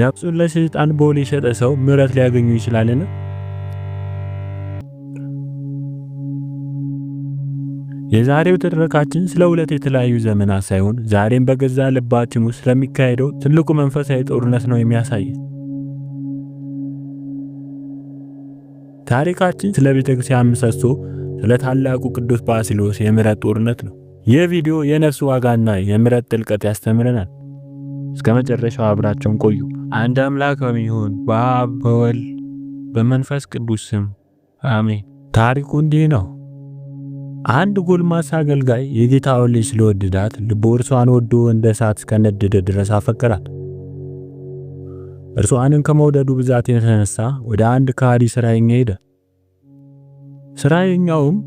ነፍሱን ለሰይጣን በውል የሸጠ ሰው ምሕረት ሊያገኙ ይችላልን? የዛሬው ትረካችን ስለ ሁለት የተለያዩ ዘመናት ሳይሆን ዛሬም በገዛ ልባችን ውስጥ ስለሚካሄደው ትልቁ መንፈሳዊ ጦርነት ነው የሚያሳይ። ታሪካችን ስለ ቤተክርስቲያን ምሰሶ፣ ስለ ታላቁ ቅዱስ ባሲሎስ የምሕረት ጦርነት ነው። ይህ ቪዲዮ የነፍስ ዋጋና የምሕረት ጥልቀት ያስተምረናል። እስከ መጨረሻው አብራቸውን ቆዩ። አንድ አምላክ በሚሆን በአብ በወልድ በመንፈስ ቅዱስ ስም አሜን። ታሪኩ እንዲህ ነው። አንድ ጎልማሳ አገልጋይ የጌታውን ልጅ ስለወደዳት ልቡ እርሷን ወዶ እንደ እሳት እስከነደደ ድረስ አፈቀራት። እርሷንን ከመውደዱ ብዛት የተነሳ ወደ አንድ ከሃዲ ስራየኛ ሄደ። ስራየኛውም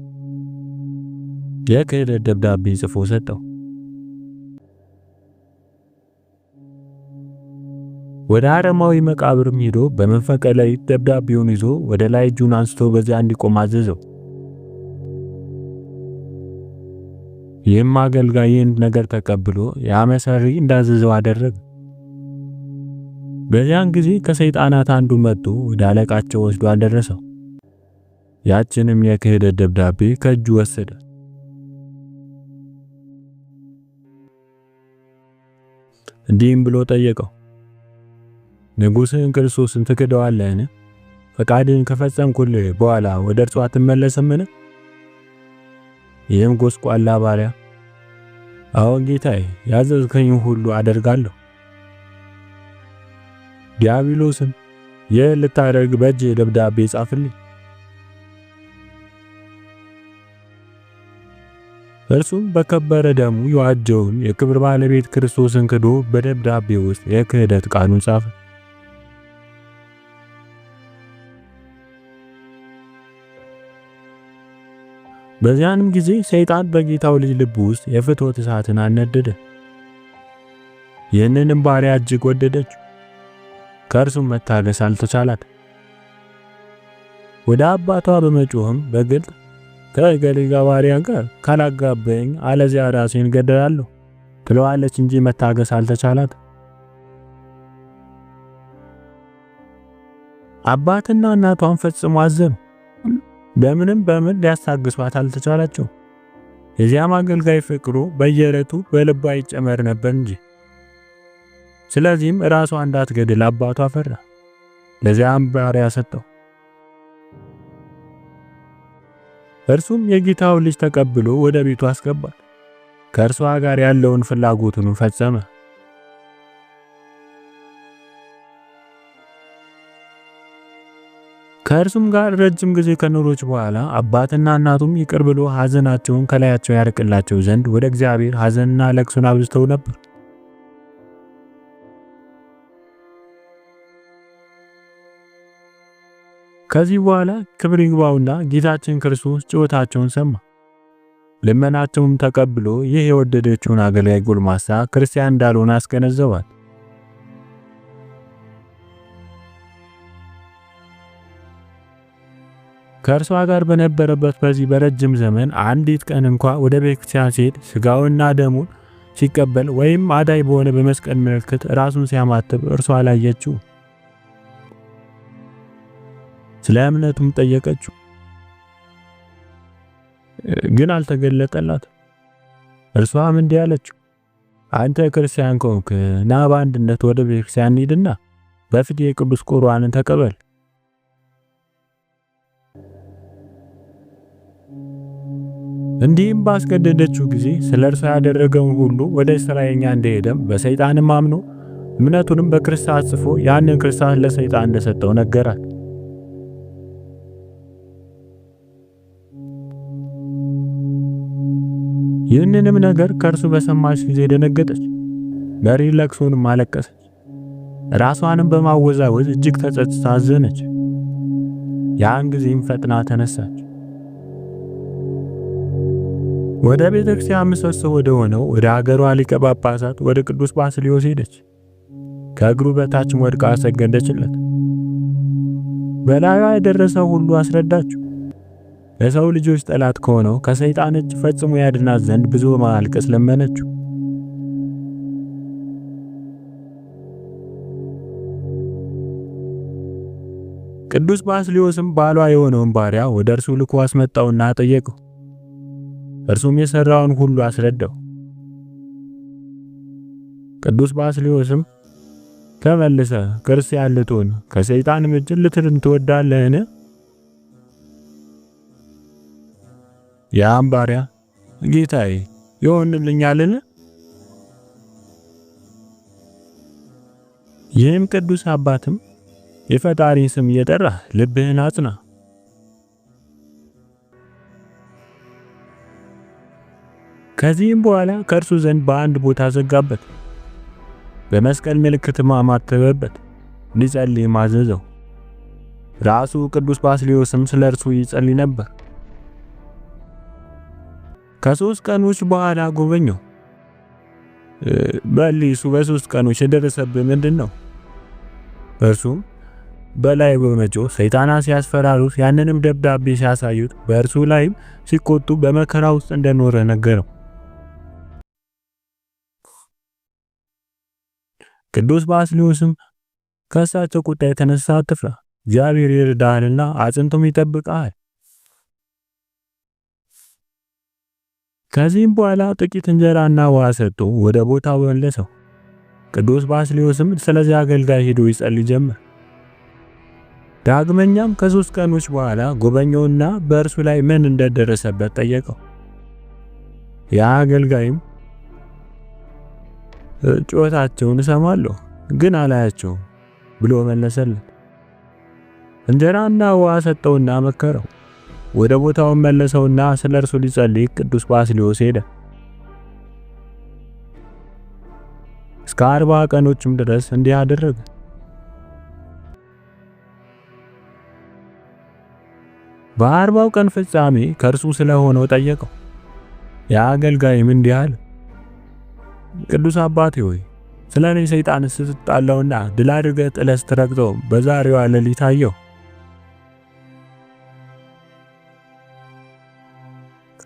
የክህደት ደብዳቤ ጽፎ ሰጠው። ወደ አረማዊ መቃብርም ሄዶ በመንፈቀ ሌሊት ደብዳቤውን ይዞ ወደ ላይ እጁን አንስቶ በዚያ እንዲቆም አዘዘው። ይህም አገልጋይ ይህን ነገር ተቀብሎ የአመሰሪ እንዳዘዘው አደረገ። በዚያን ጊዜ ከሰይጣናት አንዱ መጥቶ ወደ አለቃቸው ወስዶ አደረሰው። ያችንም የክህደት ደብዳቤ ከእጁ ወሰደ። እንዲህም ብሎ ጠየቀው፣ ንጉሥህን ክርስቶስን ትክደዋለህን? ፈቃድህን ከፈጸምኩልህ በኋላ ወደ እርሱ አትመለስምን? ይህም ጎስቋላ ባሪያ አዎን ጌታዬ፣ ያዘዝከኝ ሁሉ አደርጋለሁ። ዲያብሎስም ይህ ልታደርግ በእጅ ደብዳቤ ጻፍልኝ። እርሱም በከበረ ደሙ የዋጀውን የክብር ባለቤት ክርስቶስን ክዶ በደብዳቤ ውስጥ የክህደት ቃሉን ጻፈ። በዚያንም ጊዜ ሰይጣን በጌታው ልጅ ልብ ውስጥ የፍትወት እሳትን አነደደ። ይህንንም ባሪያ እጅግ ወደደችው፣ ከእርሱም መታገስ አልተቻላት። ወደ አባቷ በመጮህም በግልጥ ከገሊጋ ባሪያ ጋር ካላጋበኝ አለዚያ ራሴን ገደላለሁ ትለዋለች እንጂ መታገስ አልተቻላት። አባትና እናቷን ፈጽሞ አዘኑ። በምንም በምን ሊያስታግሷት አልተቻላቸው። የዚያም አገልጋይ ፍቅሩ በየዕለቱ በልቧ ይጨመር ነበር እንጂ። ስለዚህም ራሷ እንዳትገድል አባቷ ፈራ። ለዚያም ባሪያ ሰጠው። እርሱም የጌታው ልጅ ተቀብሎ ወደ ቤቱ አስገባት። ከእርሷ ጋር ያለውን ፍላጎቱን ፈጸመ። ከእርሱም ጋር ረጅም ጊዜ ከኖሮች በኋላ አባትና እናቱም ይቅር ብሎ ሐዘናቸውን ከላያቸው ያርቅላቸው ዘንድ ወደ እግዚአብሔር ሐዘንና ለቅሶን አብዝተው ነበር። ከዚህ በኋላ ክብር ይግባውና ጌታችን ክርስቶስ ጩኸታቸውን ሰማ። ልመናቸውም ተቀብሎ ይህ የወደደችውን አገልጋይ ጎልማሳ ክርስቲያን እንዳልሆነ አስገነዘባል። ከእርሷ ጋር በነበረበት በዚህ በረጅም ዘመን አንዲት ቀን እንኳ ወደ ቤተክርስቲያን ሲሄድ ስጋውና ደሙን ሲቀበል ወይም አዳይ በሆነ በመስቀል ምልክት ራሱን ሲያማትብ እርሷ አላየችው። ስለ እምነቱም ጠየቀችው፣ ግን አልተገለጠላት። እርሷም እንዲህ አለችው፣ አንተ ክርስቲያን ከሆንክ ና በአንድነት ወደ ቤተክርስቲያን ሂድና በፊት የቅዱስ ቁርባንን ተቀበል። እንዲህም ባስገደደችው ጊዜ ስለ እርሷ ያደረገውን ሁሉ ወደ እስራኤኛ እንደሄደም በሰይጣንም አምኖ እምነቱንም በክርስቶስ ጽፎ ያንን ክርስቶስ ለሰይጣን እንደሰጠው ነገራት ይህንንም ነገር ከእርሱ በሰማች ጊዜ ደነገጠች፣ መሪ ለቅሶንም አለቀሰች። ራሷንም በማወዛወዝ እጅግ ተጸጽታ አዘነች። ያን ጊዜም ፈጥና ተነሳች። ወደ ቤተ ክርስቲያን ምሰሶ ወደ ሆነው ወደ አገሯ ሊቀ ጳጳሳት ወደ ቅዱስ ባስልዮስ ሄደች። ከእግሩ በታችም ወድቃ አሰገደችለት። በላዩ የደረሰው ሁሉ አስረዳችው። ለሰው ልጆች ጠላት ከሆነው ከሰይጣን እጅ ፈጽሞ ያድናት ዘንድ ብዙ ማልቀስ ለመነችው። ቅዱስ ባስልዮስም ባሏ የሆነውን ባሪያ ወደ እርሱ ልኮ አስመጣውና ጠየቀው። እርሱም የሰራውን ሁሉ አስረዳው። ቅዱስ ባስሊዮስም ተመልሰ ክርስቲያን ልትሆን ከሰይጣን እጅ ልትድን ትወዳለህን? ያም ባሪያ ጌታዬ ይሆንልኛልን? ይህም ቅዱስ አባትም የፈጣሪ ስም እየጠራ ልብህን አጽና ከዚህም በኋላ ከእርሱ ዘንድ በአንድ ቦታ ዘጋበት፣ በመስቀል ምልክትም አማተበበት፣ ሊጸልይም ማዘዘው። ራሱ ቅዱስ ባስሊዮስም ስለ እርሱ ይጸልይ ነበር። ከሶስት ቀኖች በኋላ ጎበኘው። በሊሱ በሶስት ቀኖች የደረሰብህ ምንድን ነው? እርሱም በላይ በመጮ ሰይጣና ሲያስፈራሩት ያንንም ደብዳቤ ሲያሳዩት በእርሱ ላይም ሲቆጡ በመከራ ውስጥ እንደኖረ ነገረው። ቅዱስ ባስሊዮስም ከእሳቸው ቁጣ የተነሳ አትፍራ፣ እግዚአብሔር ይርዳሃልና አጽንቶም ይጠብቃል። ከዚህም በኋላ ጥቂት እንጀራና ውሃ ሰጥቶ ወደ ቦታው መለሰው። ቅዱስ ባስሊዮስም ስለዚህ አገልጋይ ሄዶ ይጸልይ ጀመር። ዳግመኛም ከሶስት ቀኖች በኋላ ጎበኘውና በእርሱ ላይ ምን እንደደረሰበት ጠየቀው። ያ አገልጋይም ጩኸታቸውን እሰማለሁ ግን አላያቸውም ብሎ መለሰለት። እንጀራና ውሃ ሰጠውና መከረው። ወደ ቦታው መለሰውና ስለ እርሱ ሊጸልይ ቅዱስ ባስሊዮስ ሄደ። እስከ አርባ ቀኖችም ድረስ እንዲህ አደረገ። በአርባው ቀን ፍጻሜ ከእርሱ ስለሆነው ጠየቀው። ያ አገልጋይም እንዲህ አለ ቅዱስ አባቴ ሆይ ስለ እኔ ሰይጣን ስትጣላውና ድል አድርገህ ጥለህ ስትረግጠው በዛሬዋ ሌሊት አየሁ።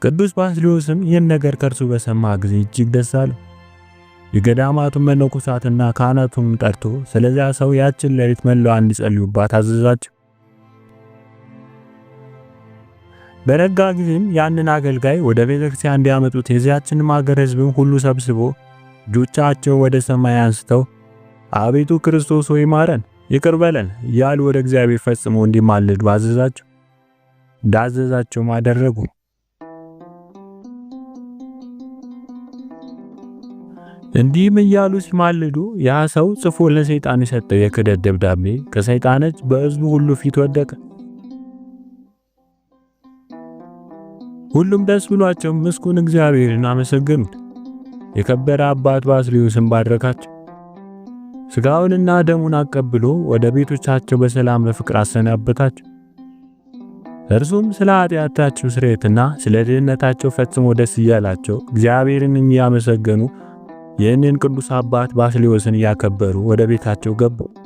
ቅዱስ ባስልዮስም ይህን ነገር ከእርሱ በሰማ ጊዜ እጅግ ደስ አለው። የገዳማቱን መነኮሳትና ካህናቱም ጠርቶ ስለዚያ ሰው ያችን ሌሊት መለዋ እንዲጸልዩባት አዘዛቸው። በረጋ ጊዜም ያንን አገልጋይ ወደ ቤተክርስቲያን እንዲያመጡት የዚያችንም አገር ሕዝብም ሁሉ ሰብስቦ እጆቻቸው ወደ ሰማይ አንስተው አቤቱ ክርስቶስ ሆይ ማረን፣ ይቅር በለን ያሉ ወደ እግዚአብሔር ፈጽሞ እንዲማልዱ አዘዛቸው። ዳዘዛቸው አደረጉ። እንዲህም እያሉ ሲማልዱ ያ ሰው ጽፎ ለሰይጣን የሰጠው የክደት ደብዳቤ ከሰይጣን እጅ በሕዝቡ ሁሉ ፊት ወደቀ። ሁሉም ደስ ብሏቸው ምስኩን እግዚአብሔርን አመሰገኑት። የከበረ አባት ባስልዮስን ባረካቸው። ስጋውንና ደሙን አቀብሎ ወደ ቤቶቻቸው በሰላም በፍቅር አሰናበታቸው። እርሱም ስለ ኃጢአታቸው ስርየትና ስለ ድህነታቸው ፈጽሞ ደስ እያላቸው እግዚአብሔርን እያመሰገኑ ይህንን ቅዱስ አባት ባስሊዮስን እያከበሩ ወደ ቤታቸው ገቡ።